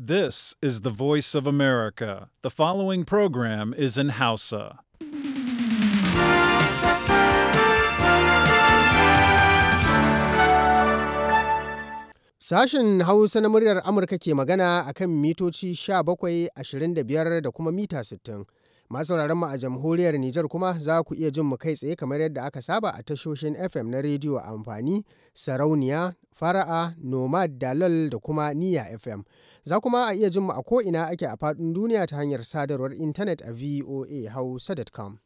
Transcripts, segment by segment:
This is the voice of America. The following program is in Hausa. Sashen Hausa na muryar Amurka ke magana akan mitoci 17, 25 da kuma mita 60. Masu mu a jamhuriyar Nijar kuma za ku iya jin mu kai tsaye kamar yadda aka saba a tashoshin FM na rediyo a amfani, sarauniya, fara'a, nomad, dalal da kuma niyya FM. Za kuma a iya jin mu a ko'ina ake a faɗin duniya ta hanyar sadarwar intanet a voahausa.com.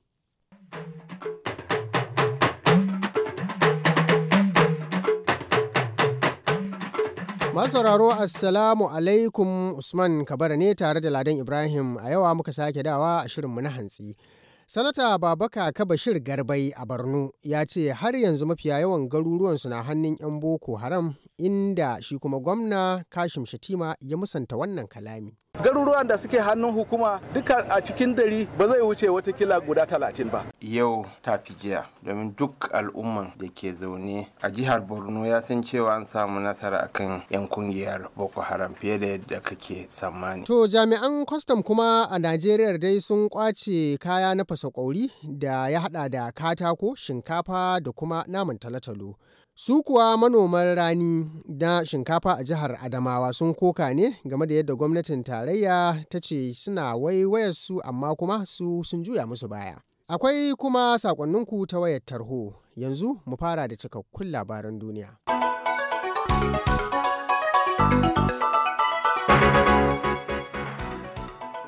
Masauraro Assalamu alaikum Usman Kabara ne tare da Ladan Ibrahim a yawa muka sake dawa a shirinmu na hantsi. Sanata Babaka Kabashir Garbai a Borno ya ce har yanzu mafiya yawan garuruwansu na hannun 'yan Boko Haram inda shi kuma gwamna Kashim Shatima ya musanta wannan kalami. Garuruwan da suke hannun hukuma duka a cikin dari ba zai wuce watakila guda talatin ba. Yau ta fi jiya domin duk al'umman da ke zaune a jihar Borno ya san cewa an samu nasara akan 'yan kungiyar Boko Haram fiye da yadda kake tsammani. To jami'an kwastam kuma a Najeriya dai sun kwace kaya na fasa kwauri da ya hada da katako, shinkafa da kuma naman talotalo. Su kuwa manoman rani da shinkafa a jihar Adamawa sun koka ne game da yadda gwamnatin tarayya ta ce suna waiwayar su amma kuma su sun juya musu baya. Akwai kuma sakonninku ta wayar tarho. Yanzu mu fara da cikakkun labaran duniya.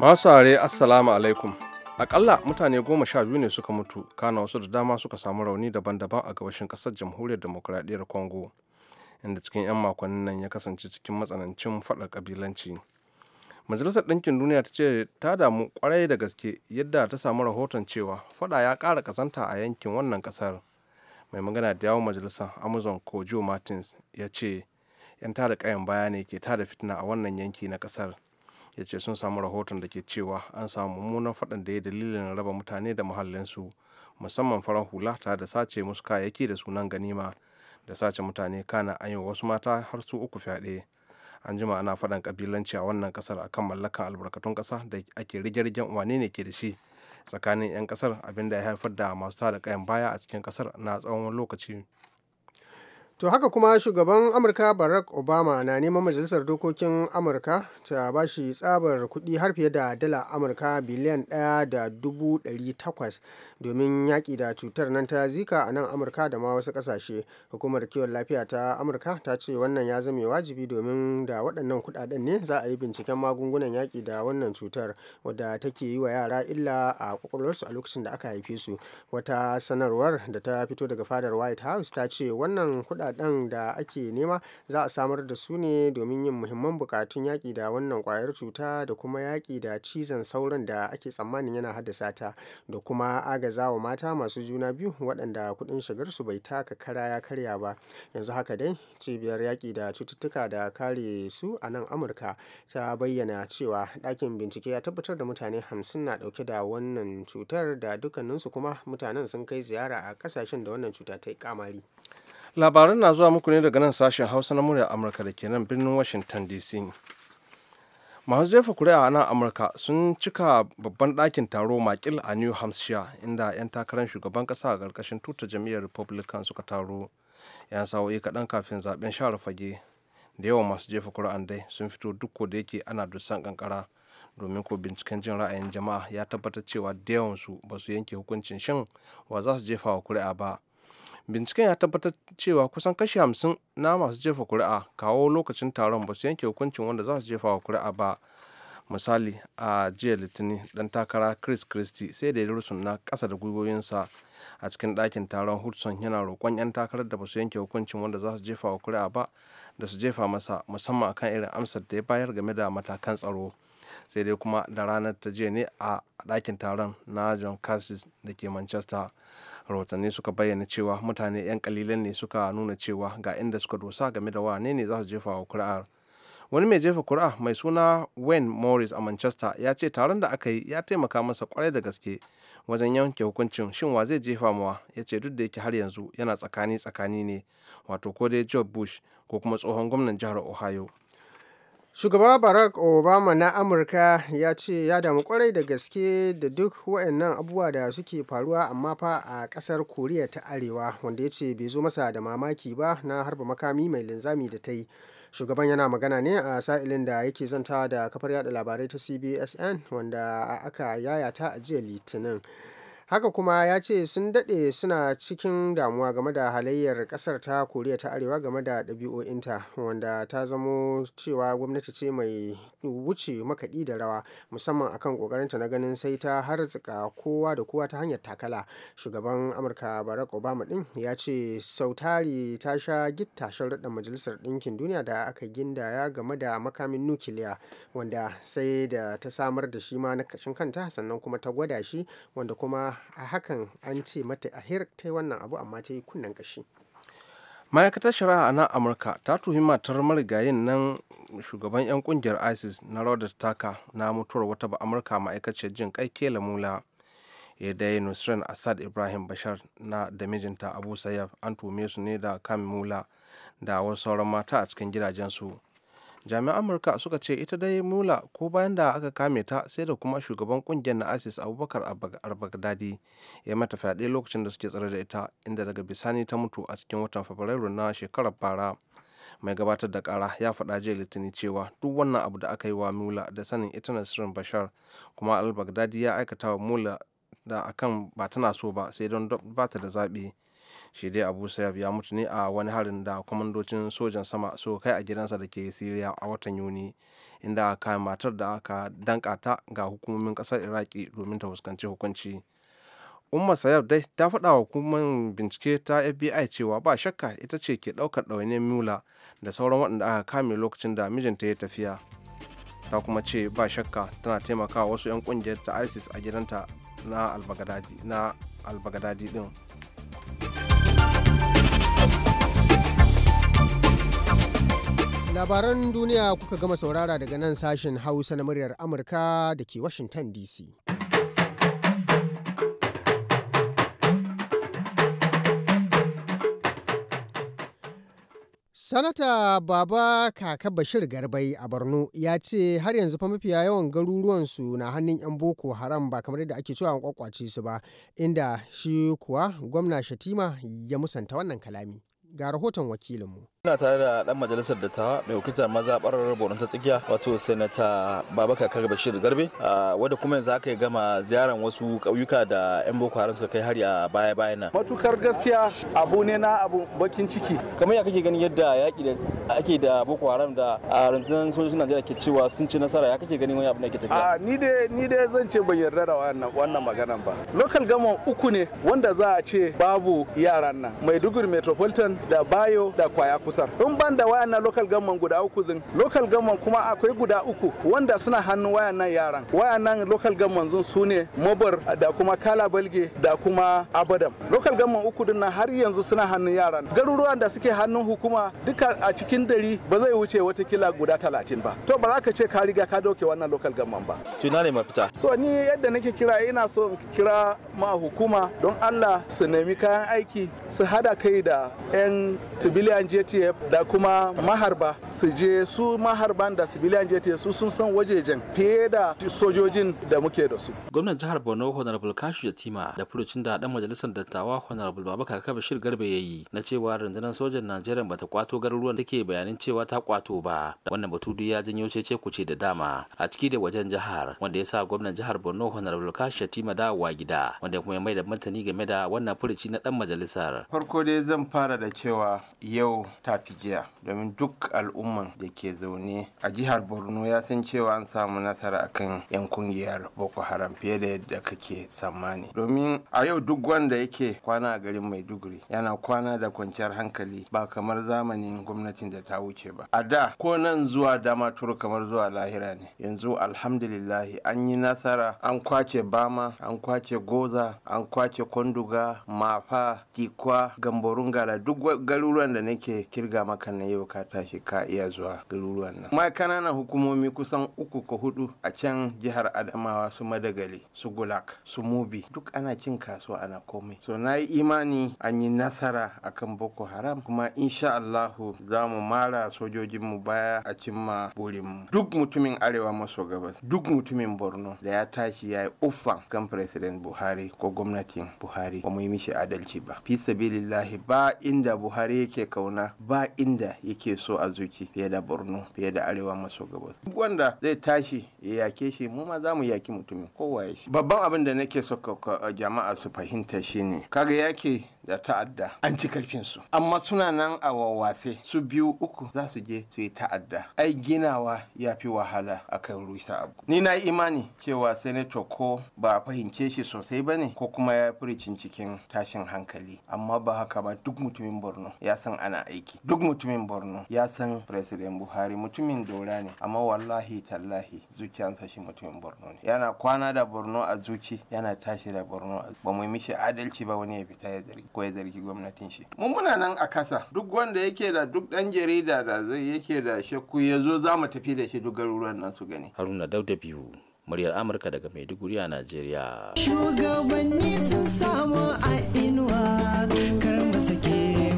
Masu are Assalamu alaikum. akalla mutane goma sha biyu ne suka mutu kana wasu da dama suka samu rauni daban-daban a gabashin kasar jamhuriyar demokuraɗiyyar congo inda cikin 'yan makonnin nan ya kasance cikin matsanancin faɗar kabilanci. majalisar ɗinkin duniya ta ce ta damu kwarai da gaske yadda ta samu rahoton cewa faɗa ya ƙara kazanta a yankin wannan ƙasar mai magana da yawon majalisar amazon kojo martins ya ce 'yan tada ƙayan baya ne ke tada fitina a wannan yanki na ƙasar ya ce sun samu rahoton da ke cewa an samu mummunan faɗan da ya dalilin raba mutane da muhallinsu musamman farar hula ta da sace musu kayayyaki da sunan ganima da sace mutane kana an yi wasu mata har su uku fyaɗe an jima ana faɗan kabilanci a wannan kasar akan mallakan albarkatun ƙasa da ake rige-rigen wane ne ke da shi tsakanin 'yan kasar abinda ya haifar da masu tada kayan baya a cikin ƙasar na tsawon lokaci To haka kuma shugaban Amurka Barack Obama na neman majalisar dokokin Amurka ta ba shi tsabar kuɗi har fiye da dala Amurka biliyan ɗaya da dubu ɗari takwas domin yaƙi da cutar nan ta zika a nan Amurka da ma wasu ƙasashe. Hukumar kiwon lafiya ta Amurka ta ce wannan ya zame wajibi domin da waɗannan kuɗaɗen ne za a yi binciken magungunan yaƙi da wannan cutar wadda take yi wa yara illa a kwakwalwarsu a lokacin da aka haife su. Wata sanarwar da ta fito daga fadar White House ta ce wannan kuɗaɗen kuɗaɗen da ake nema za a samar da su ne domin yin muhimman bukatun yaƙi da wannan ƙwayar cuta da kuma yaƙi da cizon sauran da ake tsammanin yana haddasa ta da kuma agazawa mata masu juna biyu waɗanda kuɗin shigarsu bai taka kara ya karya ba yanzu haka dai cibiyar yaƙi da cututtuka da kare su a nan amurka ta bayyana cewa ɗakin bincike ya tabbatar da mutane hamsin na ɗauke da wannan cutar da dukkaninsu kuma mutanen sun kai ziyara a ƙasashen da wannan cuta ta yi kamari labaran na zuwa muku ne daga nan sashen hausa na murya amurka da ke nan birnin washington dc masu jefa kuri'a a nan amurka sun cika babban ɗakin taro makil a new hampshire inda 'yan takarar shugaban ƙasa a ƙarƙashin tuta jam'iyyar republican suka taro 'yan sa'o'i kaɗan kafin zaben share fage da yawan masu jefa kuri'an dai sun fito duk da yake ana dusan kankara domin ko binciken jin ra'ayin jama'a ya tabbatar cewa da yawansu ba su yanke hukuncin shin wa za su jefa wa kuri'a ba binciken ya tabbatar cewa kusan kashi hamsin na masu jefa kuri'a kawo lokacin taron ba su yanke hukuncin wanda za su jefa wa kuri'a ba misali a jiya litinin dan takara chris christie sai da ya na kasa da gwiwoyinsa a cikin ɗakin taron hudson yana roƙon 'yan takarar da ba su yanke hukuncin wanda za su jefa wa kuri'a ba da su jefa masa musamman akan irin amsar da ya bayar game da matakan tsaro sai dai kuma da ranar ta jiya ne a ɗakin taron na john cassis da ke manchester rahotanni suka bayyana cewa mutane 'yan kalilan ne suka nuna cewa ga inda suka dosa game da wane ne za su jefa wa kuri'ar wani mai jefa kuri'a mai suna wayne morris a manchester ya ce taron da aka yi ya taimaka masa kwarai da gaske wajen yanke hukuncin shin wa zai jefa mawa ya ce duk da yake har yanzu yana tsakani tsakani ne wato ko dai george bush ko kuma tsohon gwamnan jihar ohio shugaba barack obama na amurka ya ce ya damu kwarai da gaske da duk waɗannan abubuwa da suke faruwa amma fa a kasar koriya ta arewa wanda ya ce bai zo masa da mamaki ba na harba makami mai linzami da ta yi shugaban yana magana ne a sa'ilin da yake zantawa da kafar yada labarai ta cbsn wanda aka yayata a jiya litinin haka kuma ya ce sun daɗe suna cikin damuwa game da halayyar ƙasar ta koriya ta arewa game da ɗabi'o'inta wanda ta zamo cewa gwamnati ce mai wuce makaɗi da rawa musamman akan ƙoƙarinta na ganin sai ta harzika kowa da kowa ta hanyar takala shugaban amurka barack obama ɗin ya ce sautari ta sha gitta sharuɗan majalisar ɗinkin duniya da aka gindaya game da makamin nukiliya wanda sai da ta samar da shi ma na kashin kanta sannan kuma ta gwada shi wanda kuma a hakan an ce mata ahir ta yi wannan abu amma ta yi kunnen kashi ma'aikatar shari'a a nan amurka ta tuhumi matar marigayin nan shugaban 'yan kungiyar isis na rawar taka na mutuwar wata ba amurka ma'aikaciyar jin kai kela mula ya dai nusran asad ibrahim bashar na da mijinta abu sayyaf an tuhume su ne da kamin mula da wasu sauran mata a cikin gidajensu jami'an amurka suka ce ita dai mula ko bayan da aka kame ta sai da kuma shugaban kungiyar na isis abubakar arbagdadi ya mata fyaɗe lokacin da suke tsare da ita inda daga bisani ta mutu a cikin watan fabrairu na shekarar bara mai gabatar da kara ya faɗa jiya litinin cewa duk wannan abu da aka yi wa mula da sanin ita nasirin bashar kuma albagdadi ya aikata wa mula da akan ba tana so ba sai don ba ta da zaɓe. shi dai abu sayyaf ya mutu ne a wani harin da kwamandocin sojan sama so kai a gidansa da ke siriya a watan yuni inda aka matar da aka dankata ga hukumomin kasar iraki domin ta fuskanci hukunci umar sayab dai ta faɗa wa hukumar bincike ta fbi cewa ba shakka ita ce ke ɗaukar ɗawainiyar mula da sauran waɗanda aka kame lokacin da mijinta ya tafiya ta kuma ce ba shakka tana taimakawa wasu 'yan ƙungiyar ta isis a gidanta na albagadadi din Labaran duniya kuka gama saurara daga nan sashen Hausa na muryar Amurka da ke Washington DC. Sanata Baba Kaka Bashir Garbai a Borno ya ce har yanzu fa mafiya yawan garuruwansu na hannun 'yan Boko Haram ba kamar yadda ake cewa an kwakwace su ba, inda shi kuwa gwamna Shatima ya musanta wannan kalami. Ga rahoton wakilinmu. ina tare da dan majalisar da ta mai wakiltar mazaɓar borno ta tsakiya wato sanata babaka kar bashir garbe wadda kuma yanzu aka gama ziyaran wasu ƙauyuka da yan boko haram suka kai hari a baya bayan nan matukar gaskiya abu ne na abu bakin ciki kamar ya kake ganin yadda yaƙi da ake da boko haram da a rundunar sojojin najeriya ke cewa sun ci nasara ya kake ganin wani abu da ke tafiya ni dai ni dai zan ce ban yarda da wannan wannan maganan ba local gama uku ne wanda za a ce babu yaran nan maiduguri metropolitan da bayo da kwaya kusa kusa in ban da wayannan local government guda uku din local government kuma akwai guda uku wanda suna hannun wayannan yaran wayannan local government zun su ne mobar da kuma kala balge da kuma abadam local government uku din nan har yanzu suna hannun yaran garuruwan da suke hannun hukuma duka a cikin dari ba zai wuce wata kila guda talatin ba to ba za ka ce ka riga ka dauke wannan local government ba tuna ne mafita so ni yadda nake kira ina so in kira ma hukuma don Allah su nemi kayan aiki su hada kai da 'yan tibiliyan jeti da kuma maharba su je su maharban da civilian jet su sun san wajejen fiye da sojojin da muke da su gwamnan jihar borno honorable kashu yatima da furucin da dan majalisar dattawa honorable babaka kabashir garba yayi na cewa rundunar sojan najeriya bata kwato garuruwan take bayanin cewa ta kwato ba wannan batu duk ya janyo cece kuce da dama a ciki da wajen jihar wanda ya sa gwamnan jihar borno honorable kashu yatima dawowa gida wanda kuma ya mai da martani game da wannan furuci na dan majalisar farko dai zan fara da cewa yau ta капиде. domin duk al'umman da ke zaune a jihar borno ya san cewa an samu nasara akan yan kungiyar boko haram fiye da yadda kake tsammani domin a yau duk wanda yake kwana a garin maiduguri yana kwana da kwanciyar hankali ba kamar zamanin gwamnatin da ta wuce ba a da ko nan zuwa dama turu kamar zuwa lahira ne yanzu alhamdulillahi an yi nasara an kwace bama an kwace goza an kwace kwanduga mafa kikwa gamborun da duk garuruwan da nake kirga maka na ya bukata ka iya zuwa garuruwan nan ma kananan hukumomi kusan uku ko hudu a can jihar adamawa su madagali su gulak su mubi duk ana cin kasuwa ana komai so na yi imani an yi nasara akan boko haram kuma insha allahu za mu mara sojojin mu baya a cimma mu. duk mutumin arewa maso gabas duk mutumin borno da ya tashi ya yi uffan kan president buhari ko gwamnatin buhari ba mu yi mishi adalci ba fi sabilillahi ba inda buhari yake kauna ba inda yake so a zuci fiye da borno fiye da arewa maso gabas duk wanda zai tashi ya yake shi mu ma za mu yaki mutumin kowa ya shi babban abin da nake so jama'a su fahimta shine kaga yaki da ta'adda an ci karfinsu amma suna nan a wawase su biyu uku za su je su yi ta'adda ai ginawa ya fi wahala a kan rusa abu ni na imani cewa senator ko ba a fahimce shi sosai ba ne ko kuma ya fi ricin cikin tashin hankali amma ba haka ba duk mutumin borno ya san ana aiki duk mutumin borno ya san president buhari mutumin daura ne amma wallahi tallahi zuciyansa shi mutumin borno ne yana kwana da borno a zuci yana tashi da borno ba mu mishi adalci ba wani ya fita ya zargi ko ya zargi gwamnatin shi mun muna nan a kasa duk wanda yake da duk ɗan jarida da zai yake da shakku ya zo za mu tafi da shi duk garuruwan nan su gani haruna dauda biyu muryar amurka daga maiduguri a najeriya shugabanni sun samu a inuwa kar mu sake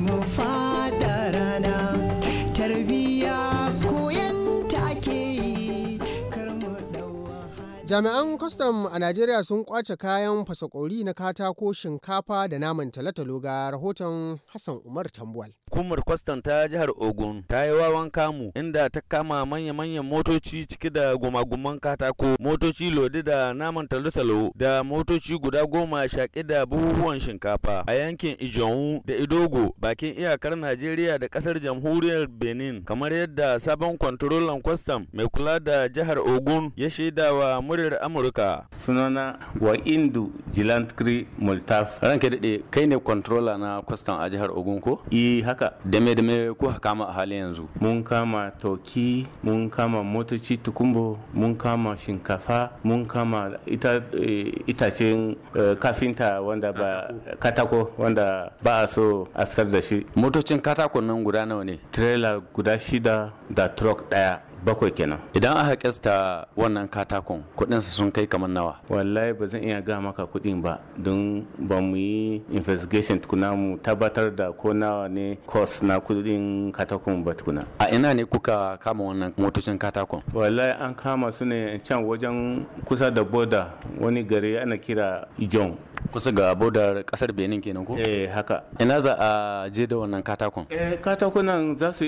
Jami'an kwastam a Najeriya sun kwace kayan fasakori na katako shinkafa da naman talotalo ga rahoton Hassan Umar Tambuwal. Hukumar kwastam ta jihar Ogun ta yi wawan kamu inda ta kama manya-manyan motoci ciki da gumaguman katako, motoci lodi da naman talotalo da motoci guda goma shaƙi da buhuhuwan shinkafa a yankin Ijonwu da Idogo bakin iyakar Najeriya da ƙasar jamhuriyar Benin kamar yadda sabon kwantarolan kwastam mai kula da jihar Ogun ya shaidawa muryar Amurka. Sunana wa Indu Jilantri Multaf. ranke daɗe kai ne kontrola na kwastan a jihar Ogun ko? Eh haka. Dame dame ko kama a halin yanzu? Mun kama toki, mun kama motoci tukumbo, mun kama shinkafa, mun kama ita, e, itacen e, kafinta wanda ba katako wanda ba a so a fitar da shi. Motocin katakon nan guda nawa ne? Trailer guda shida da truck ɗaya. bakwai kenan idan aka kesta wannan katakon su sun kai kamar nawa wallahi ba zan iya ga maka kuɗin ba don ba mu yi investigation tukuna mu tabbatar da ko nawa ne cost na kuɗin katakon ba tukuna a ina ne kuka kama wannan motocin katakon wallahi an kama su ne can wajen kusa da boda wani gari ana kira ijon kusa ga bodar kasar benin kenan ko eh haka ina za a je da wannan katakon eh katakunan za su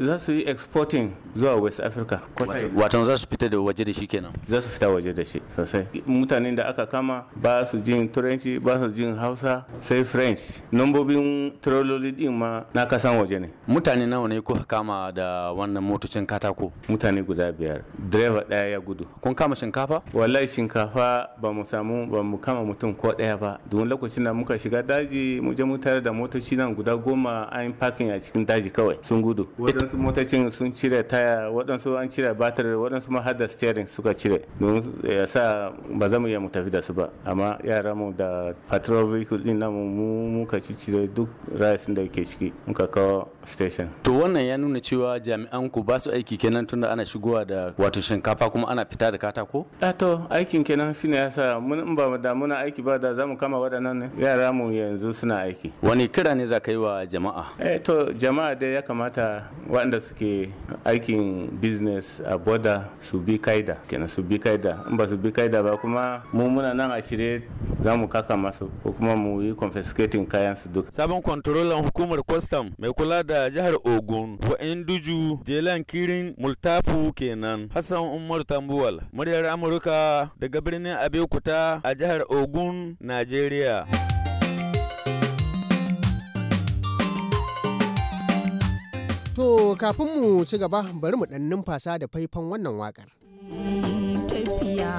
za su exporting zuwa west africa wato za su fita da waje da shi kenan za su fita waje da shi sosai mutanen da aka kama ba su jin turanci ba su jin hausa sai french nombobin trololi din ma na kasan waje ne mutane nawa ne kuka kama da wannan motocin katako mutane guda biyar direba daya ya gudu kun kama shinkafa wallahi shinkafa ba mu samu ba mu kama mutum ko daya ba domin lokacin da muka shiga daji mu je mu tare da motoci nan guda goma an parking a cikin daji kawai sun gudu waɗansu motocin sun cire taya waɗansu an cire batir waɗansu ma har da steering suka cire domin eh, ya sa ba za mu iya mu tafi da su ba amma yara mu da patrol vehicle din namu mu muka cire duk rayasin da ke ciki muka kawo station to wannan ya nuna cewa jami'an ku ba su aiki kenan tunda ana shigowa da wato shinkafa kuma ana fita da katako a eh, to aikin kenan shine yasa mun ba da muna aiki ba da zamu mu kama waɗannan ne yara mu yanzu suna aiki wani kira ne za ka yi wa jama'a eh to jama'a dai ya kamata waɗanda suke aikin business a border su bi kaida kenan su bi kaida in ba su bi kaida ba kuma mu muna nan a shirye za mu kaka masu ko kuma mu yi confiscating kayan su duka sabon kwantarolan hukumar kwastam mai kula da jihar ogun wa'in duju jelan kirin multafu kenan hassan umar tambuwal muryar amurka daga birnin abeokuta a jihar ogun na Najeriya. To kafin mu ci gaba bari mu ɗan numfasa da faifan wannan waƙar. Tafiya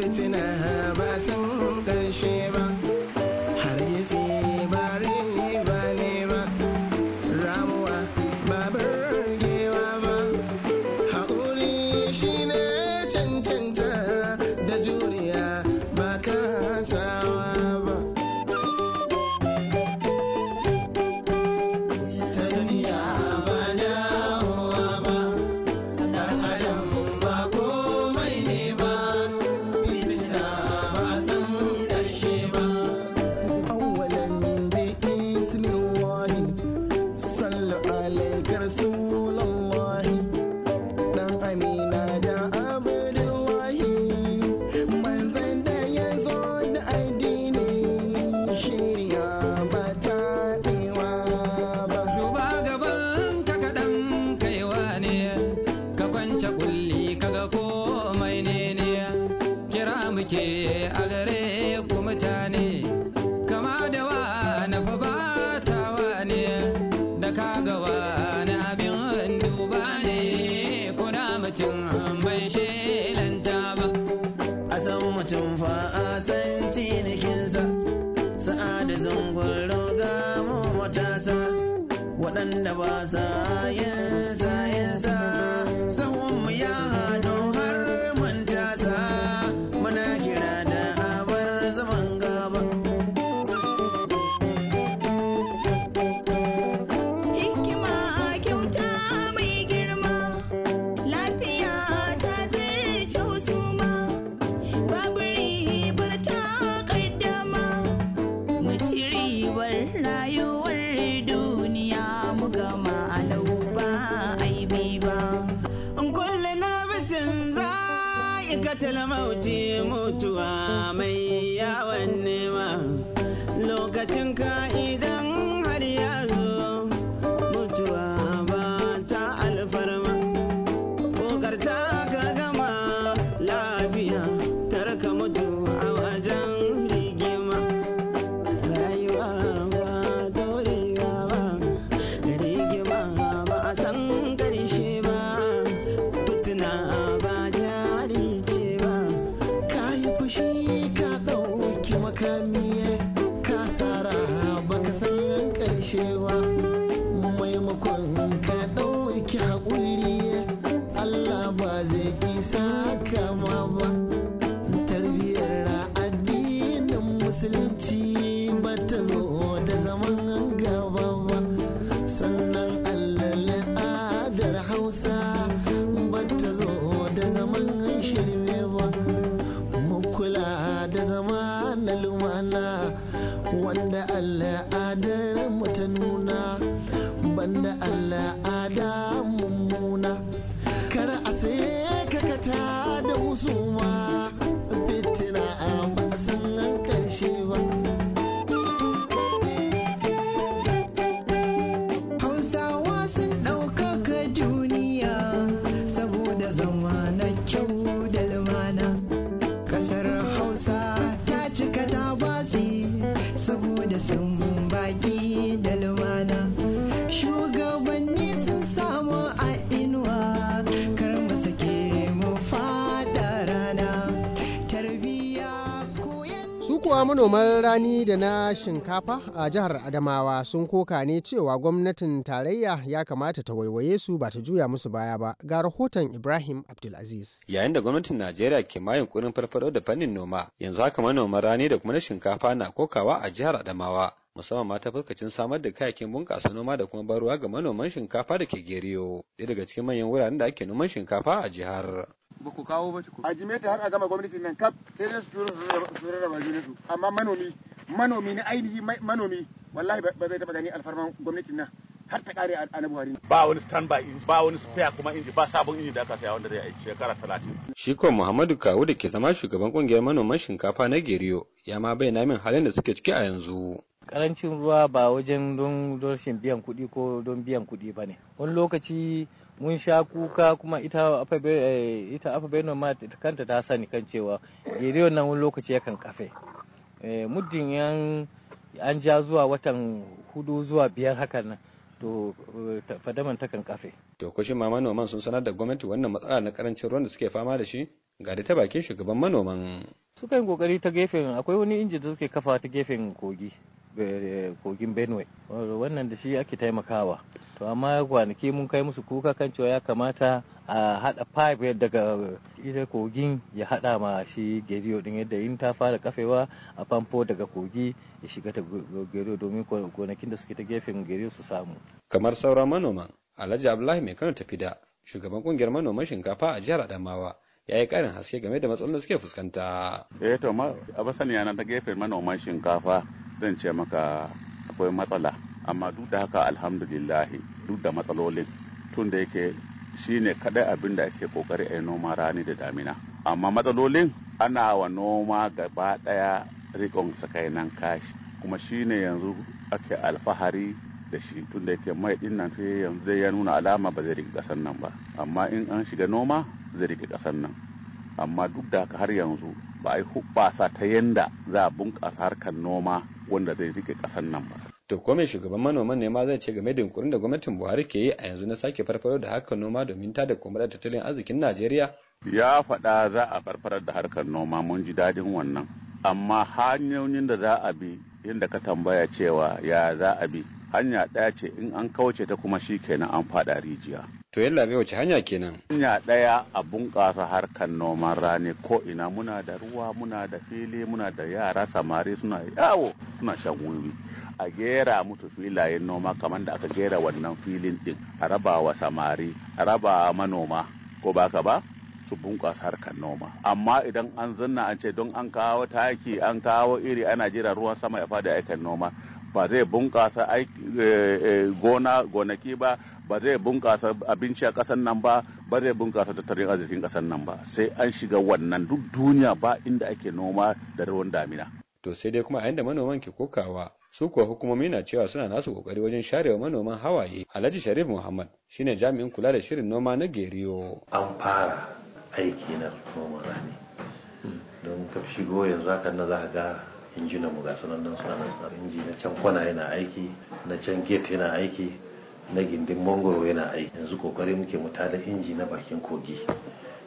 fitina ba san ƙarshe ba kwance kulli kaga komai ne ne kira muke a gare ku mutane kama da wa na fa wa ne da kaga wa na abin duba ne kuna mutum ban shelanta ba a san mutum fa a san cinikinsa sa'ada zungun roga mu matasa waɗanda ba sa yin sa yin sa Talamauti mutuwa mai yawan nema lokacin ka'idan But as zo kuwa manoman rani da na shinkafa a jihar Adamawa sun koka ne cewa gwamnatin tarayya ya kamata ta waiwaye su ba ta juya musu baya ba ga rahoton Ibrahim Abdulaziz. Yayin da gwamnatin Najeriya ke ma kurin farfado da fannin noma yanzu haka manoman rani da kuma na shinkafa na kokawa a jihar Adamawa musamman ma ta fuskacin samar da kayakin bunƙasa noma da kuma ruwa ga manoman shinkafa da ke Geriyo, ɗaya daga cikin manyan wuraren da ake noman shinkafa a jihar. Ba ku kawo ba ku. A jime ta har a gama gwamnati nan kaf sai dai su rarraba juna su. Amma manomi, manomi na ainihi manomi wallahi ba zai taɓa gani alfarman gwamnati nan. har ta ƙare a na Buhari. Ba wani by in ba wani spare kuma inji ba sabon inji da aka saya wanda zai aiki shekara talatin. Shi Muhammadu Kawu da ke zama shugaban kungiyar manoman shinkafa na Geriyo ya ma bayyana min halin da suke ciki a yanzu. karancin ruwa ba wajen don rashin biyan kuɗi ko don biyan kuɗi ba ne wani lokaci mun sha kuka kuma ita afa eh, afabenon ma kanta ta sani kan cewa geriyo wannan wani lokaci yakan kafe eh, muddin yan an ja zuwa watan hudu zuwa biyar hakan nan to eh, fadaman kan kafe to kushin ma manoman sun sanar da gwamnati wannan matsala na karancin ruwan da suke fama da shi ga ta bakin shugaban manoman Su kan kokari ta gefen akwai wani inji da suke kafa ta gefen kogi kogin benue wannan da shi ake taimakawa to amma kwanaki mun kai musu kuka kan cewa ya kamata a hada pipe daga ita kogin ya hada ma shi geriyo din yadda in ta fara kafewa a famfo daga kogi ya shiga ta domin gonakin da suke ta gefen geriyo su samu kamar sauran manoman alhaji abdullahi mai kano tafi da shugaban kungiyar manoman shinkafa a jihar adamawa ya yi karin haske game da matsalolin da suke fuskanta. Eh to ma abasaniya na ta gefen manoman shinkafa zan ce maka akwai matsala amma duk da haka alhamdulillah duk da matsalolin tun da yake shi ne kaɗai abin da ake ƙoƙari a noma rani da damina amma matsalolin ana wa noma gaba ɗaya rikon sakainan kashi kuma shine yanzu ake alfahari da shi tun da yake mai din nan yanzu zai ya nuna alama ba zai rike kasar nan ba amma in an shiga noma zai rike kasar nan amma duk da haka har yanzu ba a yi hubbasa ta yanda za a bunƙasa harkar noma wanda zai rike kasar nan ba to ko mai shugaban manoman ne ma zai ce game da yunkurin da gwamnatin buhari ke yi a yanzu na sake farfaro da harkar noma domin ta da kumar tattalin arzikin najeriya ya faɗa za a farfarar da harkar noma mun ji daɗin wannan amma hanyoyin da za a bi yadda ka tambaya cewa ya za a bi hanya ɗaya ce in an kauce ta kuma shi kenan an faɗa rijiya. To yalla bai wace hanya kenan? Hanya ɗaya a bunƙasa harkar noman rani ko ina muna da ruwa muna da fili muna da yara samari suna yawo suna shan wuri, A gera mutu filayen noma kamar da aka gera wannan filin ɗin a raba wa samari a raba manoma ko baka ba? su bunƙasa harkar noma amma idan an zanna an ce don an kawo taki an kawo iri ana jira ruwan sama ya fada aikin noma ba zai bunƙasa eh, eh, gona gonaki ba ba zai bunƙasa abinci a ƙasar nan ba ba zai bunƙasa tattalin arzikin ƙasar nan ba sai an shiga wannan duk duniya ba inda ake noma da ruwan damina to sai dai kuma a inda manoman ke kokawa su kuwa hukumomi na cewa suna nasu kokari wajen sharewa manoman hawaye alhaji sharif muhammad shine jami'in kula da shirin noma na geriyo an fara aiki na noman rani don ka shigo yanzu haka na za ga injinan mu ga sunan nan nan inji na can kwana yana aiki na can gate yana aiki na gindin mangoro yana aiki yanzu kokari muke mu tada inji na bakin kogi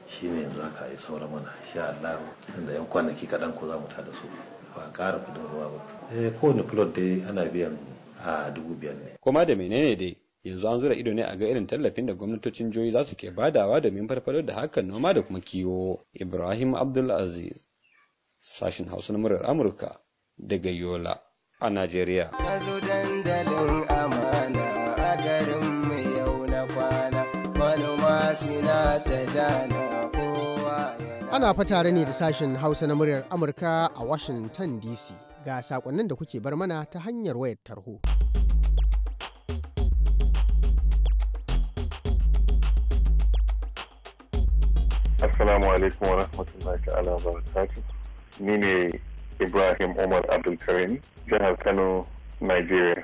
shine yanzu haka ai saura mana sha Allah da yan kwanaki kaɗan ko za mu tada su ba ƙara kudin ruwa ba eh kowane plot dai ana biyan a ah, dubu biyar ne. Koma da menene dai yanzu an zura ido ne a ga irin tallafin da gwamnatocin jihohi za su ke badawa domin farfado da hakan noma da kuma kiwo ibrahim abdulaziz sashin hausa na murar amurka daga yola a najeriya dandalin amana a jana ana fatare ne da sashen hausa na muryar amurka a washington dc ga sakonnin da kuke bar mana ta hanyar wayar tarho. Assalamu alaikum wa rahmatullahi ta'ala wa Ni ne Ibrahim Umar Abdulkarim, jihar Kano, Nigeria.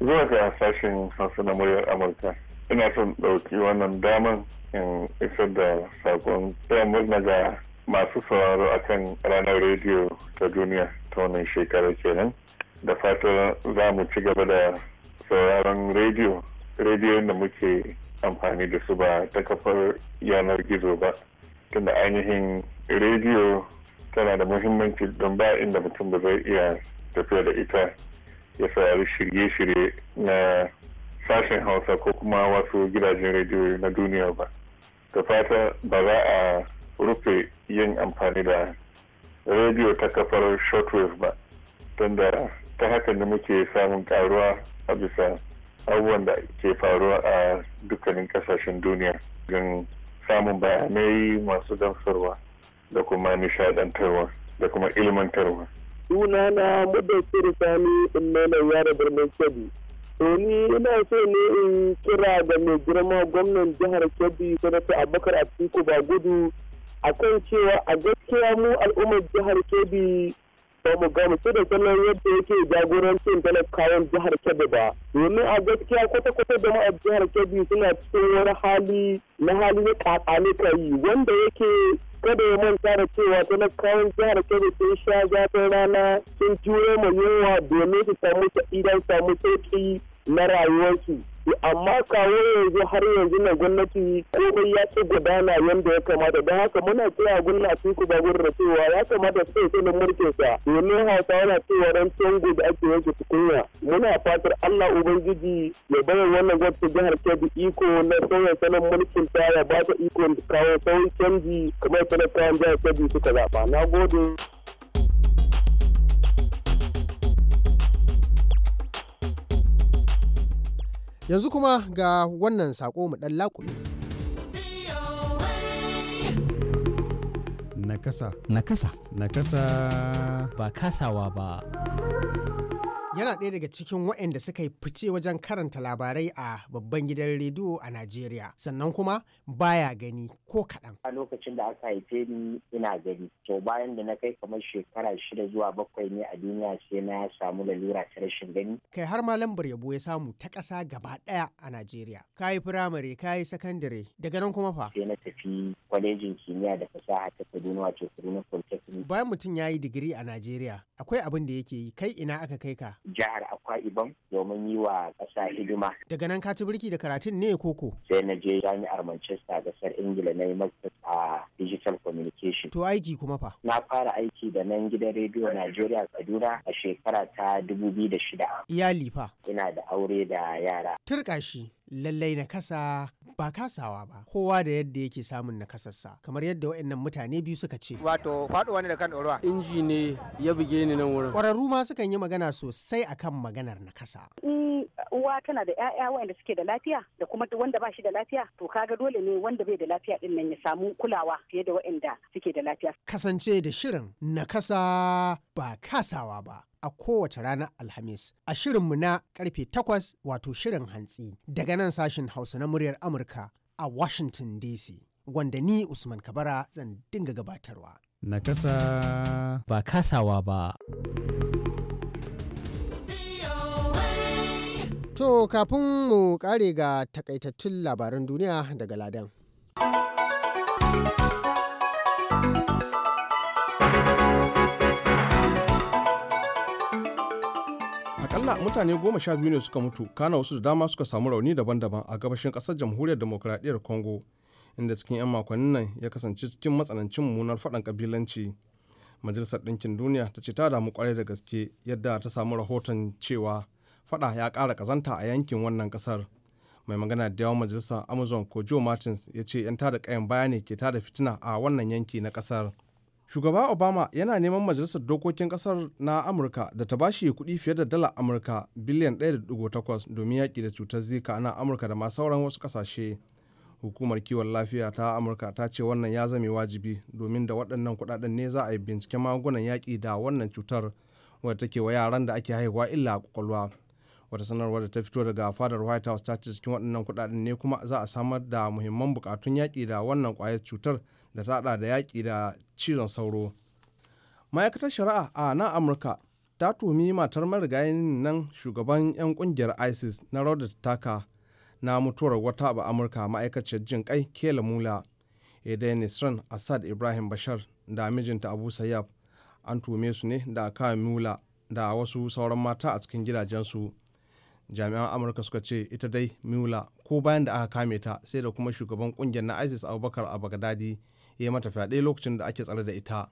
Zuwa ga sashen Hausa muryar Amurka. Ina son ɗauki wannan daman in isar da saƙon tsayan murna ga masu sauraro a kan ranar rediyo ta duniya ta wannan shekarar kenan. Da fatan za mu ci gaba da sauraron rediyo, rediyon da muke amfani da su ba ta kafar yanar gizo ba. tunda ainihin rediyo tana da muhimmanci don ba inda mutum ba zai iya tafiya da ita ya saurari shirye-shirye na sashen hausa ko kuma wasu gidajen rediyo na duniya ba da fata ba za a rufe yin amfani da rediyo ta kafar shortwave ba don da ta hakan da muke samun karuwa a bisa abubuwan da ke faruwa a dukkanin kasashen duniya samun bayanai masu gamsarwa da kuma nishadantarwa da kuma ilmantarwa. Sunana Mudassir sami Ummena Yara Birnin Kebbi. To ni ina so ne in kira da mai girma gwamnan jihar Kebbi sanata Abubakar Atiku gudu akan cewa a gaskiya mu al'ummar jihar Kebbi ba mu ga su da salon yadda yake jagorancin talakawan jihar Kebbi ba. Domin a gaskiya kwata-kwata da ma'a jihar Kebbi suna cikin wani hali na hali na kakane kai wanda yake kada ya manta da cewa talakawan jihar Kebbi sun sha zafin rana sun jure ma yunwa domin su samu sa'idan samu sauki na rayuwarsu. amma kawo yanzu har yanzu na gwamnati komai ya ci gudana yadda ya kamata don haka muna kira gwamnati ku ba gurin cewa ya kamata su sai na mulkin sa domin hausa yana cewa ran tango da ake yanke tukunya muna fatar Allah ubangiji ya bayar wannan gwamnati jihar Kebbi iko na sauya sanin mulkin ta ya ba ta iko kawo sauyin canji kamar talakawan jihar Kebbi suka zaba na gode. Yanzu kuma ga wannan sako mu ɗan laƙumi. Nakasa. Nakasa. Nakasa. Ba kasawa ba. yana ɗaya daga cikin waɗanda suka yi fice wajen karanta labarai a babban gidan rediyo a Najeriya sannan kuma baya gani ko kaɗan. A lokacin da aka haife ni ina gani to bayan da na kai kamar shekara shida zuwa bakwai ne a duniya sai na samu lalura ta rashin gani. Kai har ma lambar yabo ya samu ta ƙasa gaba ɗaya a Najeriya. Ka yi firamare ka yi sakandare daga nan kuma fa. Sai na tafi kwalejin kimiyya da fasaha ta Kaduna wato Kaduna Polytechnic. Bayan mutum ya yi digiri a Najeriya akwai abin da yake yi kai ina aka kai ka jihar akwa ibom domin yi wa ƙasa hidima daga nan ka ci birki da karatun ne koko sai na je jami'ar manchester gasar ingila na yi a digital communication to aiki kuma fa na fara aiki da nan gidan rediyo najeriya kaduna a shekara ta dubu biyu 2006 iyali fa ina da aure da yara turka shi lallai nakasa ba kasawa ba kowa da yadda yake samun nakasarsa kamar yadda waɗannan mutane biyu suka ce wato faɗuwa ne da kan ɗorawa inji ne ya buge ni nan wurin ƙwararru ma sukan yi magana sosai akan maganar nakasa. Mm, uwa tana da 'ya'ya wanda suke da lafiya da kuma wanda ba shi da lafiya to kaga dole ne wanda bai da lafiya din nan ya samu kulawa fiye da waɗanda suke da lafiya. Kasance da shirin na kasa ba kasawa ba. a kowace rana Alhamis a shirin mu na karfe takwas wato shirin hantsi daga nan sashen Hausa na muryar Amurka a Washington DC wanda ni Usman Kabara zan dinga gabatarwa. Na kasa ba kasawa ba. To kafin mu kare ga takaitattun labaran duniya daga Ladan. Akalla mutane goma sha biyu ne suka mutu, kana wasu da dama suka samu rauni daban-daban a gabashin ƙasar jamhuriyar demokuraɗiyyar Congo, inda cikin 'yan makonnin nan ya kasance cikin matsanancin mummunar faɗan ƙabilanci. Majalisar Ɗinkin Duniya ta ce ta damu kwarai da gaske yadda ta samu rahoton cewa fada ya kara kazanta a yankin wannan kasar mai magana da yawan majalisar amazon ko joe martins ya ce 'yan tada kayan baya ne ke tada fitina a wannan yanki na kasar. shugaba obama yana neman majalisar dokokin kasar na amurka da ta bashi kuɗi fiye da dala amurka biliyan 1.8 domin yaƙi da cutar zika na amurka da ma sauran wasu kasashe hukumar kiwon lafiya ta amurka ta ce wannan ya zame wajibi domin da waɗannan kuɗaɗen ne za a yi binciken magungunan yaƙi da wannan cutar wadda take wa yaran da ake haihuwa illa a ƙwaƙwalwa wata sanarwar da ta fito daga fadar white house ta ce cikin waɗannan kuɗaɗen ne kuma za a samar da muhimman bukatun yaƙi da wannan ƙwayar cutar da ta haɗa da yaƙi da cizon sauro ma'aikatar shari'a a nan amurka ta tuhumi matar marigayin nan shugaban 'yan ƙungiyar isis na ta taka na mutuwar wata ba amurka ma'aikaciyar jin kai kela mula edain nisran assad ibrahim bashar da mijinta abu sayyaf an tuhume su ne da kawai mula da wasu sauran mata a cikin gidajensu jami'an amurka suka ce ita dai mula ko bayan da aka kame ta sai da kuma shugaban kungiyar na isis abubakar a bagdadi ya yi mata fyaɗe lokacin da ake tsare da ita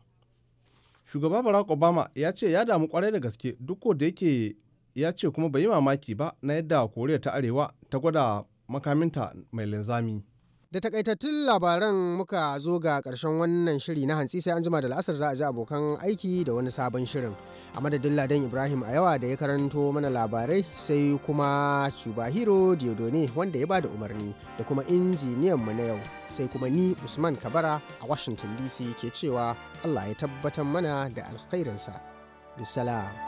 shugaba barack obama ya ce ya damu kwarai da gaske duk da yake ya ce kuma bai yi mamaki ba na yadda koriya ta arewa ta gwada makaminta mai linzami Da takaitattun labaran muka zo ga ƙarshen wannan shiri na hantsi sai an jima da la'asar za a ji abokan aiki da wani sabon shirin. A madadin Ladan Ibrahim a yawa da ya karanto mana labarai sai kuma Chubahiro Diodone wanda ya ba da umarni da kuma injiniyan mu na yau sai kuma ni Usman Kabara a Washington DC ke cewa Allah ya tabbatar mana da alkhairinsa. Bisalam.